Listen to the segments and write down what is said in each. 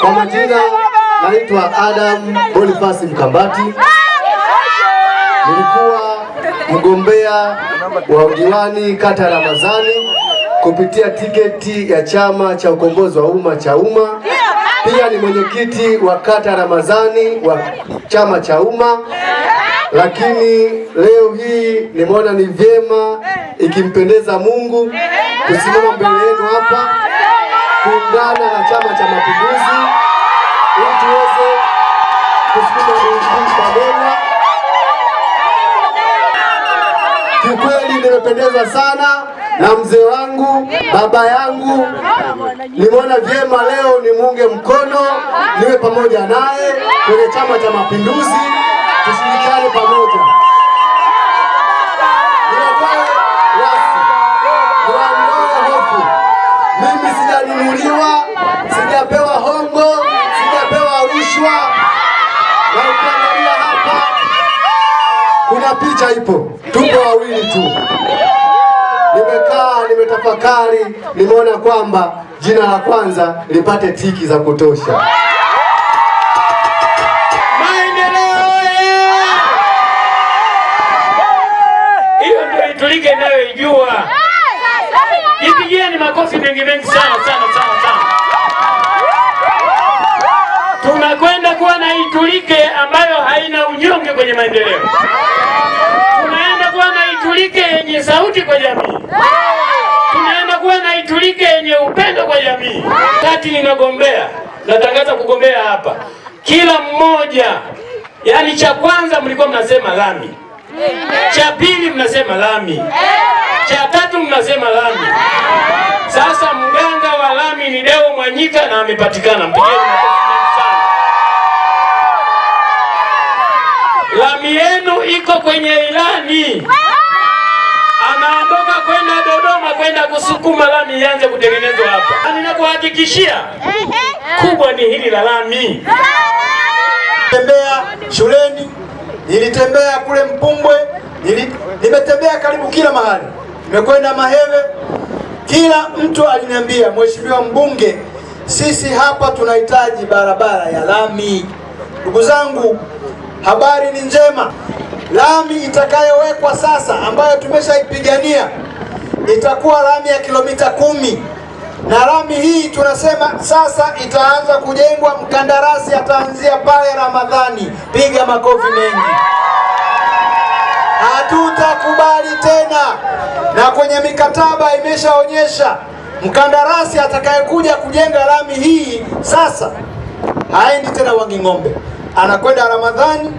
Kwa majina naitwa Adam Bonifasi Mkambati, nilikuwa mgombea wa udiwani kata ya Ramadhani kupitia tiketi ya chama cha ukombozi wa umma cha umma. Pia ni mwenyekiti wa kata ya Ramadhani wa chama cha umma, lakini leo hii nimeona ni vyema, ikimpendeza Mungu, kusimama mbele yenu hapa kuungana na Chama cha Mapinduzi ili tuweze kusukuma hii pamoja. Kiukweli nimependezwa sana na mzee wangu baba yangu, nimeona vyema leo nimuunge mkono, niwe pamoja naye kwenye Chama cha Mapinduzi, tushirikiane pamoja. sijanunuliwa, sijapewa hongo, sijapewa rushwa. Na ukiangalia hapa kuna picha ipo, tupo wawili tu. Nimekaa nimetafakari, nimeona kwamba jina la kwanza lipate tiki za kutosha. hiyo ndio Ipigieni makofi mengi mengi sana sana sana sana. Tunakwenda kuwa na Itulike ambayo haina unyonge kwenye maendeleo. Tunaenda kuwa na Itulike yenye sauti kwa jamii. Tunaenda kuwa na Itulike yenye upendo kwa jamii. Kati ninagombea, natangaza kugombea hapa. Kila mmoja, yaani cha kwanza mlikuwa mnasema lami. Cha pili mnasema lami cha tatu mnasema lami. Sasa mganga wa lami ni Deo Mwanyika na amepatikana, mpigeni lami yenu iko kwenye ilani, anaondoka kwenda Dodoma kwenda kusukuma lami ianze kutengenezwa hapa. Ninakuhakikishia kubwa ni hili la lami. Tembea shuleni, nilitembea kule Mpumbwe, nimetembea karibu kila mahali. Nimekwenda Mahewe, kila mtu aliniambia, mheshimiwa mbunge, sisi hapa tunahitaji barabara ya lami. Ndugu zangu, habari ni njema, lami itakayowekwa sasa ambayo tumeshaipigania itakuwa lami ya kilomita kumi na lami hii tunasema sasa itaanza kujengwa, mkandarasi ataanzia pale Ramadhani. Piga makofi mengi. Hatutaku kwenye mikataba imeshaonyesha mkandarasi atakayekuja kujenga lami hii sasa haendi tena Wanging'ombe, anakwenda Ramadhani,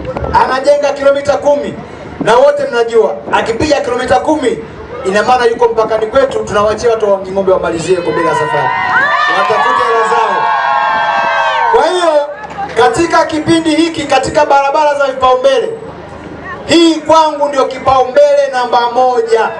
anajenga kilomita kumi na wote mnajua akipiga kilomita kumi ina maana yuko mpakani kwetu. Tunawachia watu wa Wanging'ombe wamalizie bila safari, watafute hela zao. Kwa hiyo katika kipindi hiki, katika barabara za vipaumbele, hii kwangu ndio kipaumbele namba moja.